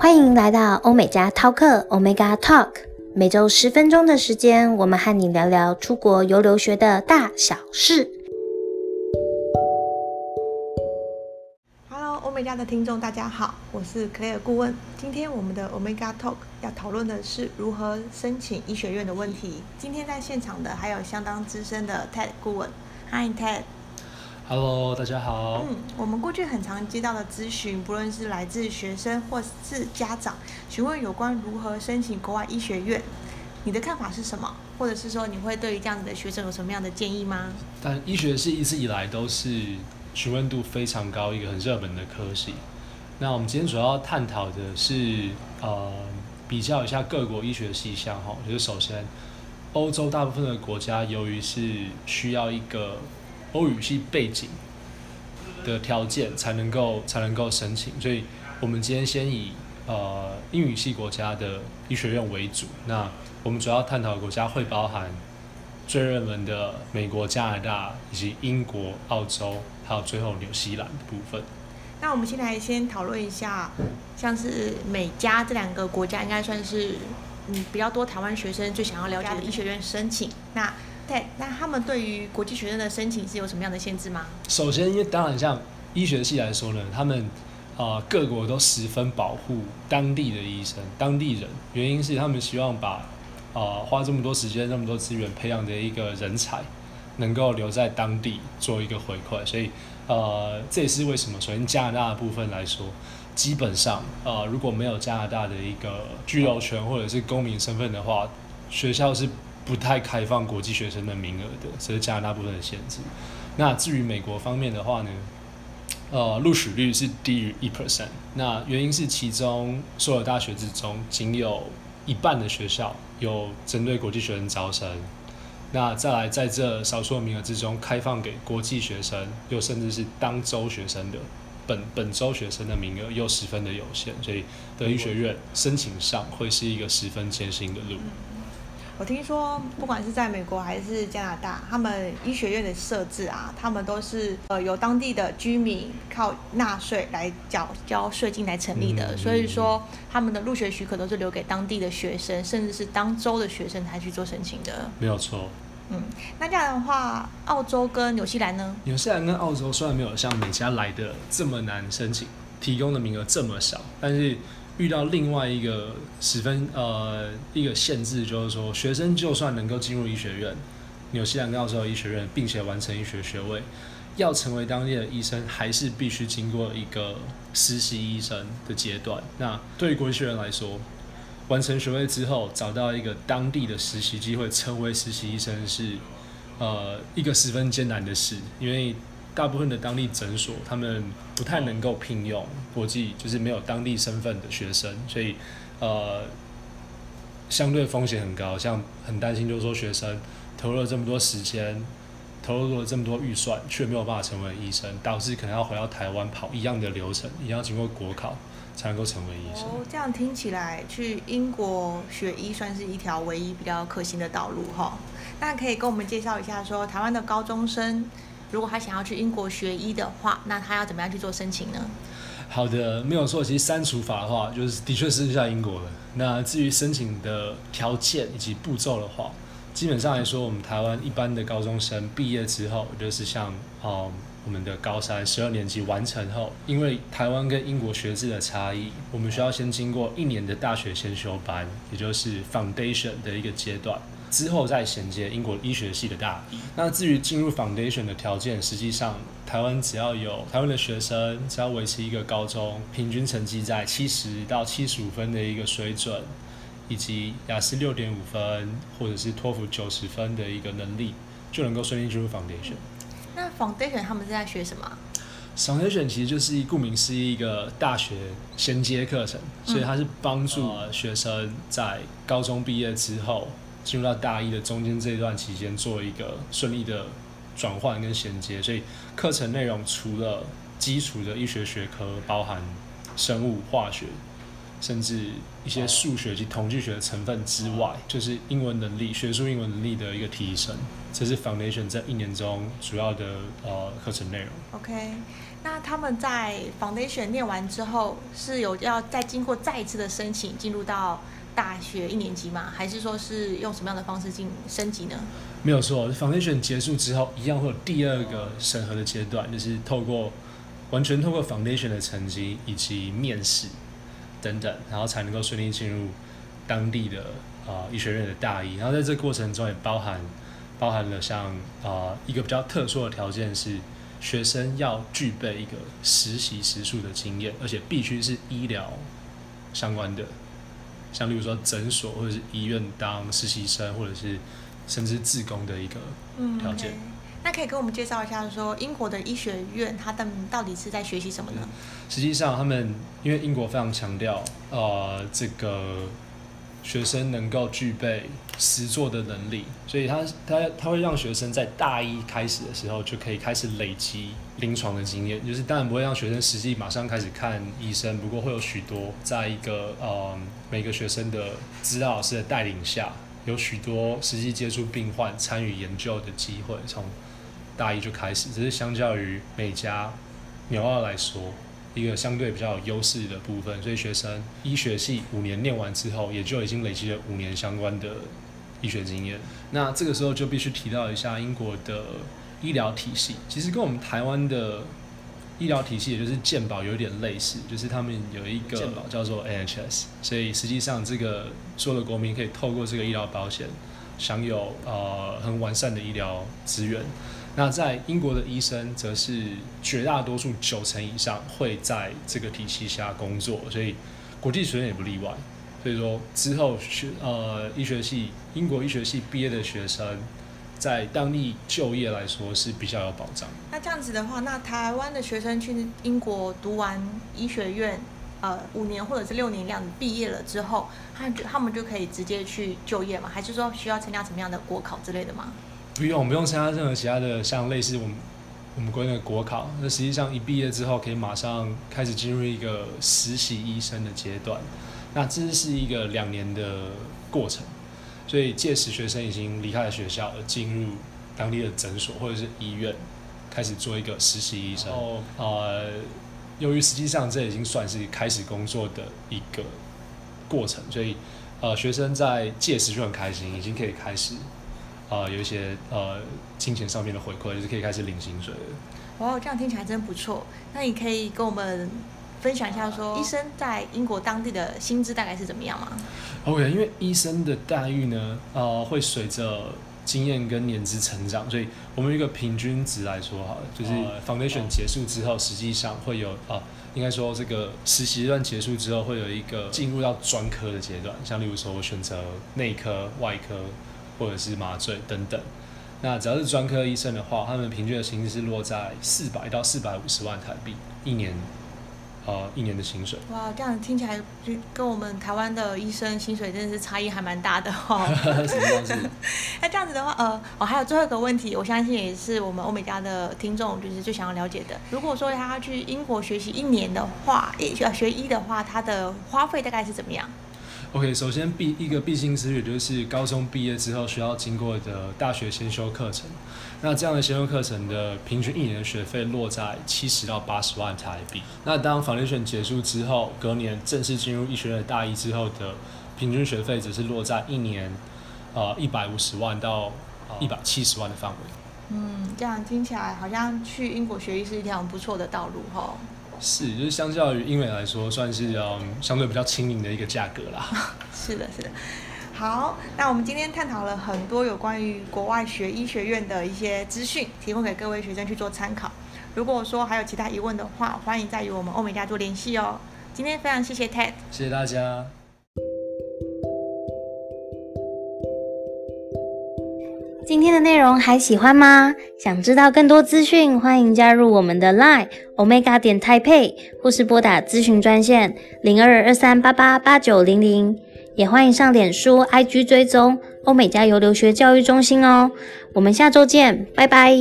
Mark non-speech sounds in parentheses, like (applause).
歡迎來到歐美加 Talk，Omega Talk，er, Omega talk 每週十分鐘的時間，我們和你聊聊出國遊留學的大小事。Hello，歐美加的聽眾，大家好，我是 Claire 顧問。今天我們的 Omega Talk 要討論的是如何申請醫學院的問題。今天在現場的還有相當資深的 Ted 顧問，Hi Ted。Hello，大家好。嗯，我們過去很常接到的諮詢，不論是來自學生或是家長，詢問有關如何申請國外醫學院，你的看法是什麼？或者是說，你會對於這樣子的學生有什麼樣的建議嗎？但醫學是一直以來都是詢問度非常高，一個很熱門的科系。那我們今天主要探討的是，呃，比較一下各國醫學的趨向哈。就是首先，歐洲大部分的國家由於是需要一個。歐語系背景的條件，才能夠才能夠申請，所以我們今天先以呃英語系國家的醫學院為主。那我們主要探討國家會包含最熱門的美國、加拿大以及英國、澳洲，還有最後紐西蘭的部分。那我們先來先討論一下，像是美加這兩個國家，應該算是嗯比較多台灣學生最想要了解的醫學院申請。那那他們對於國際學生的申請是有什麼樣的限制嗎？首先，因為當然像醫學系來說呢，他們啊、呃、各國都十分保護當地的醫生、當地人，原因是他們希望把啊、呃、花這麼多時間、這麼多資源培養的一個人才，能夠留在當地做一個回饋。所以，呃，這也是為什麼，首先加拿大的部分來說，基本上呃如果沒有加拿大的一個居留權或者是公民身份的話，學校是，不太開放國際學生的名額的，這是加拿大部分的限制。那至於美國方面的話呢，呃，錄取率是低於一 percent。那原因是其中所有大學之中，僅有一半的學校有針對國際學生招生。那再來在這少數名額之中，開放給國際學生，又甚至是當州學生的本本州學生的名額又十分的有限，所以的醫學院申請上會是一個十分艱辛的路。我聽說，不管是在美國還是加拿大，他們醫學院的設置啊，他們都是呃由當地的居民靠納稅來繳交稅金來成立的，嗯，所以說他們的入學許可都是留給當地的學生，甚至是當州的學生才去做申請的。沒有錯，嗯，那這樣的話，澳洲跟紐西蘭呢？紐西蘭跟澳洲雖然沒有像美加來的這麼難申請，提供的名額這麼少，但是。遇到另外一個十分呃一個限制，就是說，學生就算能夠進入醫學院，紐西蘭的奧克蘭醫學院，並且完成醫學學位，要成為當地的醫生，還是必須經過一個實習醫生的階段。那對於國學院來說，完成學位之後，找到一個當地的實習機會，成為實習醫生是呃一個十分艱難的事，因為。大部分的當地診所，他們不太能夠聘用國際，就是沒有當地身份的學生，所以，呃，相對風險很高，像很擔心，就是說學生投入了這麼多時間，投入了這麼多預算，卻沒有辦法成為醫生，導致可能要回到台灣跑一樣的流程，也要經過國考才能夠成為醫生。哦，這樣聽起來，去英國學醫算是一條唯一比較可行的道路哈，哦。那可以跟我們介紹一下說，說台灣的高中生，如果他想要去英國學醫的話，那他要怎麼樣去做申請呢？好的，沒有錯。其實刪除法的話，就是的確是是在英國的。那至於申請的條件以及步驟的話，基本上來說，我們台灣一般的高中生畢業之後，就是像哦，我們的高三、十二年級完成後，因為台灣跟英國學制的差異，我們需要先經過一年的大學先修班，也就是 foundation 的一個階段。之後再銜接英國醫學系的大。那至於進入 Foundation 的條件，實際上台灣只要有台灣的學生，只要維持一個高中平均成績在七十到七十五分的一個水準，以及雅思六點五分或者是托福九十分的一個能力，就能夠順利進入 Foundation。那 Foundation 他們是在學什麼？Foundation、嗯、其實就是顧名思義一個大學銜接課程，所以它是幫助學生在高中畢業之後。進入到大一的中間這一段期間，做一個順利的轉換跟銜接。所以課程內容除了基礎的醫學學科，包含生物、化學，甚至一些數學及統計學的成分之外，oh. 就是英文能力、學術英文能力的一個提升。這是 foundation 這一年中，主要的呃課程內容。OK，那他們在 foundation 念完之後，是有要再經過再一次的申請進入到。大學一年級嗎，還是說是用什麼樣的方式進行升級呢？沒有錯，Foundation 結束之後，一樣會有第二個審核的階段，就是透過完全透過 Foundation 的成績以及面試等等，然後才能夠順利進入當地的啊、呃、醫學院的大一。然後在這個過程中也包含包含了像啊、呃、一個比較特殊的條件是，學生要具備一個實習實述的經驗，而且必須是醫療相關的。像例如說診所或者是醫院當實習生，或者是甚至志工的一個條件。嗯 okay. 那可以跟我們介紹一下，說英國的醫學院，他到底是在學習什麼呢？嗯，實際上，他們因為英國非常強調，呃，這個學生能夠具備，實作的能力，所以他他他會讓學生在大一開始的時候就可以開始累積臨床的經驗。就是當然不會讓學生實際馬上開始看醫生，不過會有許多在一個呃、嗯、每個學生的指導老師的帶領下，有許多實際接觸病患、參與研究的機會，從大一就開始。這是相較於美加紐澳來說一個相對比較有優勢的部分。所以學生醫學系五年念完之後，也就已經累積了五年相關的。醫學經驗，那這個時候就必須提到一下英國的醫療體系，其實跟我們台灣的醫療體系，也就是健保，有點類似，就是他們有一個叫做 NHS，所以實際上這個所有的國民可以透過這個醫療保險享有呃很完善的醫療資源。那在英國的醫生，則是絕大多數九成以上會在這個體系下工作，所以國際學生也不例外。所以說，之後學呃醫學系英國醫學系畢業的學生，在當地就業來說是比較有保障。那這樣子的話，那台灣的學生去英國讀完醫學院，呃，五年或者是六年這樣畢業了之後，他就他們就可以直接去就業嗎？還是說需要參加什麼樣的國考之類的嗎？不用，不用參加任何其他的，像類似我們我們國內的國考。那實際上一畢業之後，可以馬上開始進入一個實習醫生的階段。那這是一個兩年的過程，所以屆時學生已經離開了學校，進入當地的診所或者是醫院，開始做一個實習醫生。哦、呃。由於實際上這已經算是開始工作的一個過程，所以呃，學生在屆時就很開心，已經可以開始啊、呃、有一些呃金錢上面的回饋，就是可以開始領薪水了。哇，這樣聽起來真不錯。那你可以跟我們。分享一下，說醫生在英國當地的薪資大概是怎麼樣嗎？OK，因為醫生的待遇呢，呃，會隨着經驗跟年資成長，所以我們一個平均值來說好了，就是 foundation 結束之後，實際上會有啊、呃，應該說這個實習階段結束之後，會有一個進入到專科的階段，像例如說我選擇內科、外科或者是麻醉等等，那只要是專科醫生的話，他們平均的薪資是落在四百到四百五十萬台幣一年。啊，uh, 一年的薪水哇，wow, 這樣子聽起來就跟我們台灣的醫生薪水真的是差異還蠻大的哦。是 (laughs) (laughs) 那這樣子的話，呃，我、哦、還有最後一個問題，我相信也是我們歐美加的聽眾就是最想要了解的。如果說他要去英國學習一年的話，要學醫的話，他的花費大概是怎麼樣？OK，首先必一個必經之旅，就是高中畢業之後需要經過的大學先修課程。那這樣的先修課程的平均一年的學費落在七十到八十萬台幣。那當 foundation 結束之後，隔年正式進入醫學院大一之後的平均學費則是落在一年，呃一百五十萬到呃一百七十萬的範圍。嗯，這樣聽起來好像去英國學醫是一條很不錯的道路哈。是，就是相較於英美來說，算是、嗯、相對比較親民的一個價格啦。是的，是的。好，那我們今天探討了很多有關於國外學醫學院的一些資訊，提供給各位學生去做參考。如果說還有其他疑問的話，歡迎再與我們歐美加做聯繫哦。今天非常謝謝 Ted，謝謝大家。今天的內容還喜歡嗎？想知道更多資訊，歡迎加入我們的 LINE omega 點 taipei 或是撥打諮詢專線零二二三八八八九零零，也歡迎上臉書、IG 追蹤歐美加遊留學教育中心哦。我們下周見，拜拜。